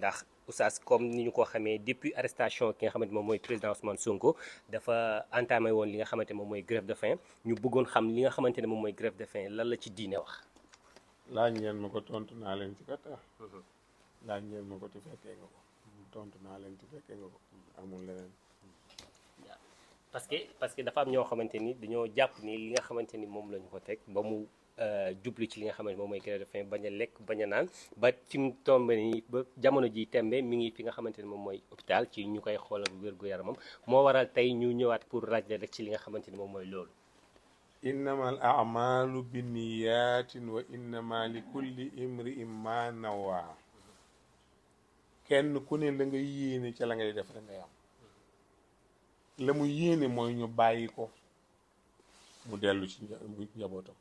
ndax oustaz comme ni ñu ko xamee depuis arrestation ki nga xamante moom mooy président Ousmane Sonko dafa entamé woon li nga xamante moom mooy grève de faim ñu bëggoon xam li nga xamante ne moom mooy grève de faim lan la ci diine wax. laaj ngeen ma ko tontu naa leen ci kat mhm. laaj ngeen ma ko te fekkee nga ko tontu naa leen te fekkee nga ko amul leneen. que parce que dafa am ñoo xamante ni dañoo jàpp ni li nga xamante ni moom la ñu ko teg ba mu. Euh, jubli ci li nga xamante moom mooy grève de bañ a lekk bañ a naan ba ci tombe nii ba jamono ji tembe mi ngi fi nga xamante ne moom mooy hôpital ci ñu koy xool ak wér-gu-yaramam moo waral tey ñu ñëwaat pour rajle rek ci li nga xamante ne moom mooy loolu innamal a'malu binniyatin wa innama li kulli kenn ku ne la nga yéene ca la ngay def rek ngay am la mu yéene mooy ñu bàyyi ko mu dellu ci njabootam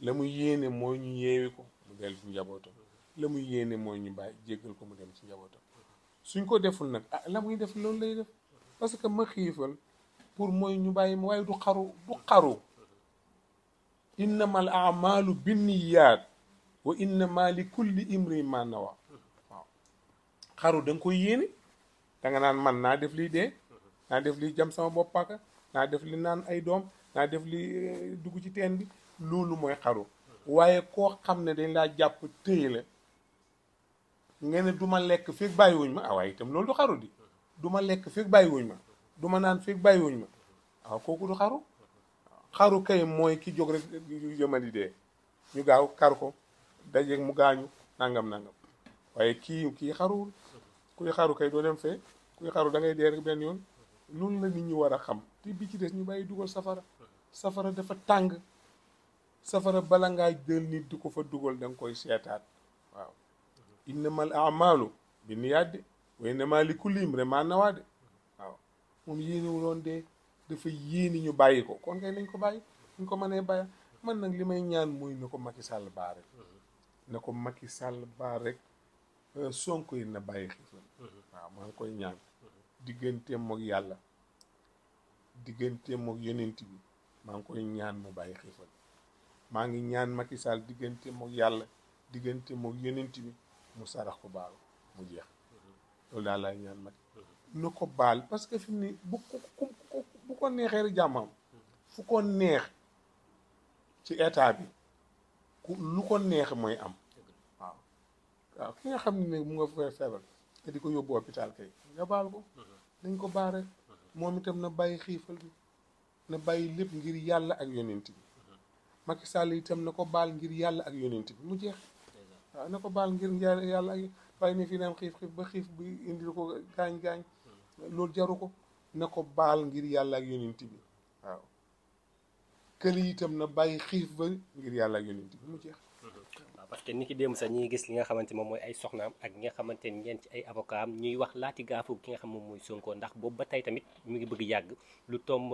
la muy yéene mooy ñu yeewi ko mu dellu ci njabootam la muy yéene mooy ñu bàyyi jéggal ko mu dem ci njabootam suñ ko deful nag ah la muy def loolu lay def parce que ma xiifal pour mooy ñu bàyyi ma waaye du xaru du xaru innama al amalu binniyaat wa innama li kulli imri ma nawa waaw xaru da ko koy danga naan man naa def lii dee naa def lii jam sama bopp paaka naa def li naan ay doom naa def li eh, dugg ci teen bi loolu mooy xaru waaye koo xam ne dañ laa jàpp téye la nga ne du ma lekk fekk bàyyiwuñ ma ah waaye itam loolu du xaru di du ma lekk fekk bàyyiwuñ ma du ma naan fekk bàyyiwuñ ma waaw ah, kooku du xaru xaru kay mooy ki jóg rek jëmali dee ñu gaaw kar ko dajeeg mu gaañu nangam nangam waaye kii kii xaruwul kuy xaru kay doo dem fee kuy xaru da ngay dee rek benn yoon loolu la nit ñi war a xam te bi ci des ñu bàyyi dugal safara safara dafa tàng safara bala ngaa jël nit di ko fa dugal danga nga koy seetaat waaw innamal amalu bi niyaat de wa innama li kulli imrin ma nawaa de moom yéenewuloon de dafa yéeni ñu bàyyi ko kon nañ ko bàyyi ñu ko mënee bàyyi man nag li may ñaan mooy na ko Macky Sall baa rek mm-hmm. ko Macky Sall baa rek euh, Sonko yi na bàyyi xiifam mm-hmm. maa ngi koy ñaan digganteem mook yàlla diggante mook yonent bi maa ngi koy ñaan mu bàyyi xiifam maa ngi ñaan Macky Sall diggante moog yàlla diggante moog yonent bi mu sarax ko baal mu jeex loolu daal laay ñaan Macky mm-hmm. na ko baal parce que fi mu ne bu ko bu ko neexee rek jàmmam fu ko neex ci état bi ku lu ko neex mooy am waaw ki nga xam ne mu nga fa feebar te di ko yóbbu hôpital kay nga baal ko dañ mm-hmm. ko baal rek mm-hmm. moom itam na bàyyi xiifal bi na bàyyi lépp ngir yàlla ak yonent bi Macky Sall itam na ko baal ngir yàlla ak yonent bi mu jeex waaw na ko baal ngir yàlla ak bàyyi ne fii naan xiif xiif ba xiif bi indil ko gaañ-gaañ loolu jaru ko na ko baal ngir yàlla ak yonent bi waaw këli itam na bàyyi xiif ba ngir yàlla ak yonent bi mu jeex te ni ki démb sax ñuy gis li nga xamante moom mooy ay soxnaam ak ñi nga xamante ni ñeen ci ay avocat am ñuy wax laati gaafu ki nga xam moom mooy Sonko ndax boobu ba tey tamit mu ngi bëgg yàgg lu tomb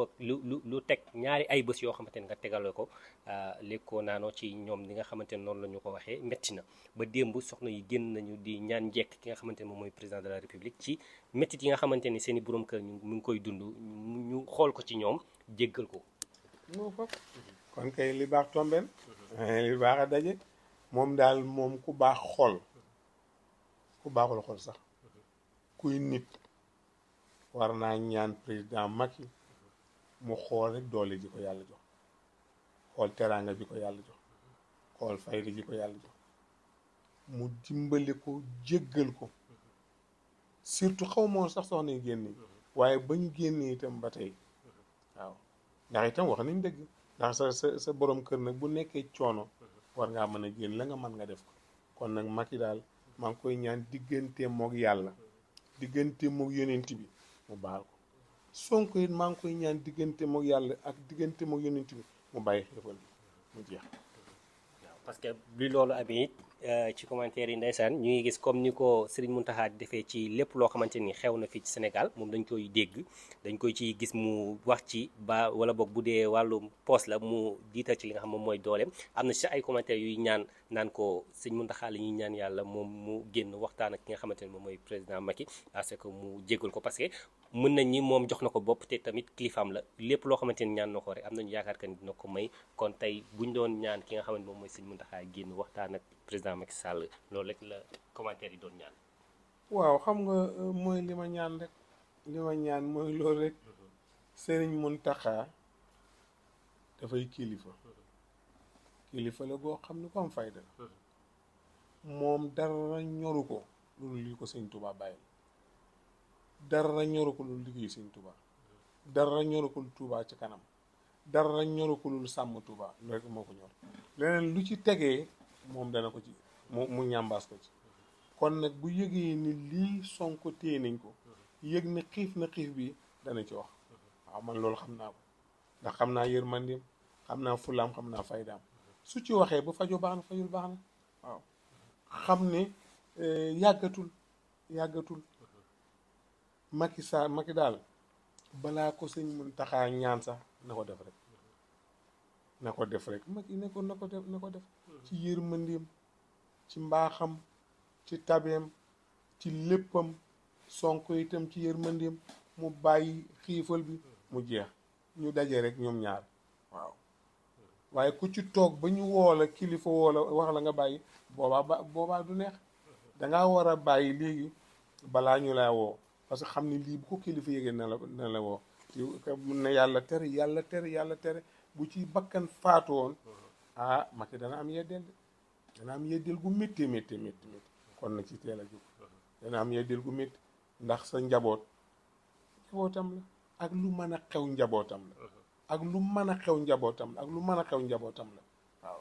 lu teg ñaari ay bés yoo xamante ni nga tegaloo ko euh, lékkoo naanoo ci ñoom li nga xamante ni noonu la ñu ko waxee metti na ba démb soxna yi génn nañu di ñaan njekk ki nga xamante ni moom mooy président de la république ci méttit yi nga xamante ni seeni i borom kër ñu mu ngi koy dund ñu xool ko ci ñoom jéggal ko. moom daal moom ku baax xol ku baaxul xol sax kuy nit war naa ñaan président Macky mu xool rek doole ji ko yàlla jox xool teraanga ji ko yàlla jox xool fayda ji yàlla mu dimbali ko jéggal ko surtout xaw moo sax soxna yi génne waaye ba ñu génnee itam ba tey waaw ndax itam wax nañ dëgg ndax sa sa sa borom kër nag bu nekkee coono war ngaa mën a jël la nga man nga def ko kon nag Macky daal maa ngi koy ñaan diggante moog yàlla diggante moog yonent bi mu baal ko Sonko it maa ngi koy ñaan diggante moog yàlla ak diggante moog yonent bi mu bàyyi xéefal mu jeex parce que loolu amee it Euh, ci commentaire yi ndeysaan ñu ngi gis comme ni ko mu taxaat defee ci lépp loo xamante ni xew na fii ci senegal moom dañ koy dégg dañ koy ci gis mu wax ci ba wala boog bu dee wàllu poos la mu jiital ci li nga xam moom mooy dooleem am na ci ay commentaire yuy ñaan naan ko sëñ Mountakha la ñuy ñaan yàlla moom mu génn waxtaan ak ki nga xamante ne moom mooy président Macky parce que mu jégal ko parce que mën nañ ni moom jox na ko bopp te tamit kilifaam la lépp loo xamante ni ñaan na ko rek am nañu yaakaar que ni dina ko may kon tey buñ doon ñaan ki nga xamante ne moom mooy sëñ Mountakha génn waxtaan ak président Macky Sall loolu rek la commentaire yi doon ñaan. waaw xam nga euh, mooy li ma ñaan rek li ma ñaan mooy loolu rek mm-hmm. sëriñ Mountakha dafay kilifa. Mm-hmm. kilifa la xam ne ko am fayda la hmm. moom dara ñoru ko loolu lii ko sëñ Tuubaa bàyyil dara ñoru ko lu liggéey sëñ Tuubaa hmm. dara ñoru ko lu Tuubaa ci kanam dara ñoru ko lu sàmm Tuubaa loolu rek moo ko ñor leneen lu ci tegee moom dana ko ci mu mu ñàmbaas ko ci hmm. kon nag bu yëgee ni lii sonk téye nañ ko yëg na xiif na xiif bi dana ci wax waaw man loolu xam naa ko ndax xam naa yërmandeem xam naa fulaam xam naa faydaam su ci waxee bu fajo baax na fajul baax na waaw xam ne eh, yàggatul yàggatul Macky Sall Macky daal balaa ko sëñ mu Mountakha ñaan sax na ko def rek na ko def rek Macky na ko na ko def na ko def hmm. ci yërmandeem ci mbaaxam ci tabeem ci léppam sonk itam ci yërmandeem mu bàyyi xiifal bi hmm. mu jeex ñu daje rek ñoom ñaar waaw waaye ku ci toog ba ñu woola kilifa woola wax la nga bàyyi boobaa boobaa du neex danga war a bàyyi léegi balaa ñu laa woo parce que xam ne lii bu ko kilifa yéegee na la woo mun na yàlla tere yàlla tere yàlla tere bu ci bakkan faatu woon ah Macky dana am yeddeel de dana am yeddeel gu métti métti métti kon na ci teel a jóg dana am yeddeel gu métti ndax sa njaboot njabootam la ak lu mën a xew njabootam la ak lu mën a xew njabootam la ak lu mën a xew njabootam la waaw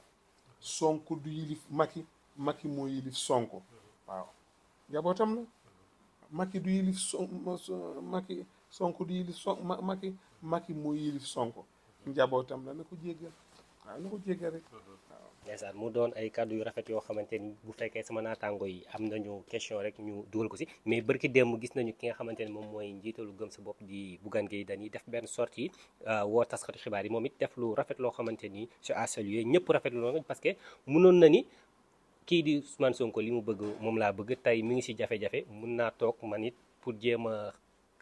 Sonko du yilif Macky Macky moo yilif Sonko waaw njabootam la Macky du yilif son Macky Sonko du yilif son Macky Macky moo yilif Sonko njabootam la na ko jéggal waaw ko jéggi rek waaw. doon ay kàddu yu rafet yoo xamante ni bu fekkee sama naataango yi am nañu question rek ñu dugal ko si mais bërki démb gis nañu ki nga xamante ni moom mooy njiitalu gëm sa bopp di Bougane Gueye Dany def benn sortie euh, woo taskatu xibaar yi moom it def rafet loo xamante ni c'est à ñëpp rafetlu noonu parce que mënoon na ni kii di Ousmane Sonko li mu bëgg moom laa bëgg tey mi ngi si jafe-jafe mun naa toog man it pour jéem a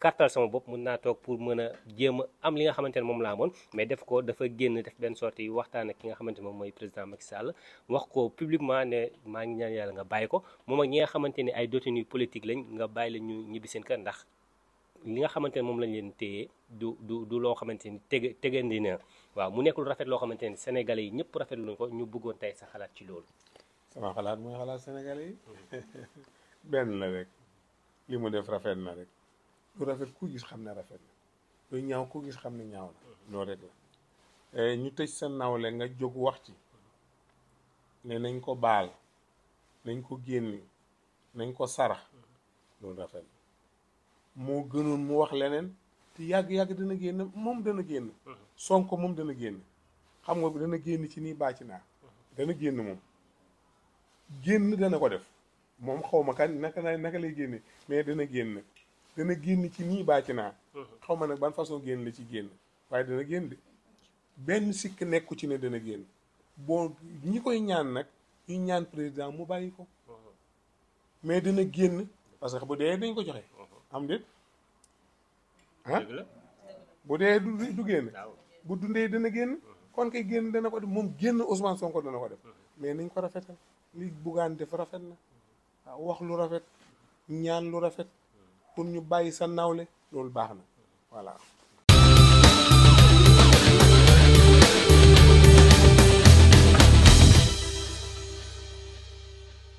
kàttal sama bopp mun naa toog pour mën a jéem am li nga xamante ne moom laa moon mais def ko dafa génn def benn sortie waxtaan ak ki nga xamante ne moom mooy président Macky Sall wax ko publiquement ne maa ngi ñaan yàlla nga bàyyi ko moom ak ñi nga xamante ne ay détenus politique lañ nga bàyyi la ñu ñibbi seen kër li nga xamante ne moom lañ leen téye du du du loo xamante ni tege tegandi na waaw mu nekk lu rafet loo xamante ne sénégalais yi ñëpp rafet luñ ko ñu bëggoon tey sa xalaat ci loolu. sama xalaat mooy xalaat sénégalais yi benn la rek li mu def rafet na rek. lu rafet ku gis xam ne rafet na lu ñaaw ku gis xam ne ñaaw na loolu rek la eh, ñu tëj sa nawle nga jóg wax ci ne nañ ko baal nañ ko génne nañ ko sarax loolu rafet moo gënoon mu wax leneen te yàgg-yàgg dana génn moom dana génn Sonko moom dana génn xam nga dana génn ci nii bàcc naa dana génn moom génn dana ko def moom xaw ma kan naka naka lay génne mais dana génn dana génn ci nii bàcc naa hmm. xaw ma nag ban façon génn la ci génn waaye dana génn de benn sikk nekku ci ne dana génn bon ñi koy ñaan nag ñuy ñaan président mu bàyyi ko hmm. mais dana génn parce que bu dee dañ ko joxe hmm. am déet ah bu dee du du génn bu dundee dana génn kon kay génn dana ko def moom génn Ousmane Sonko dana ko def mais nañ ko rafetal li buggaan def rafet na wax lu rafet ñaan lu rafet pour ñu bàyyi sa nawle loolu baax na voilà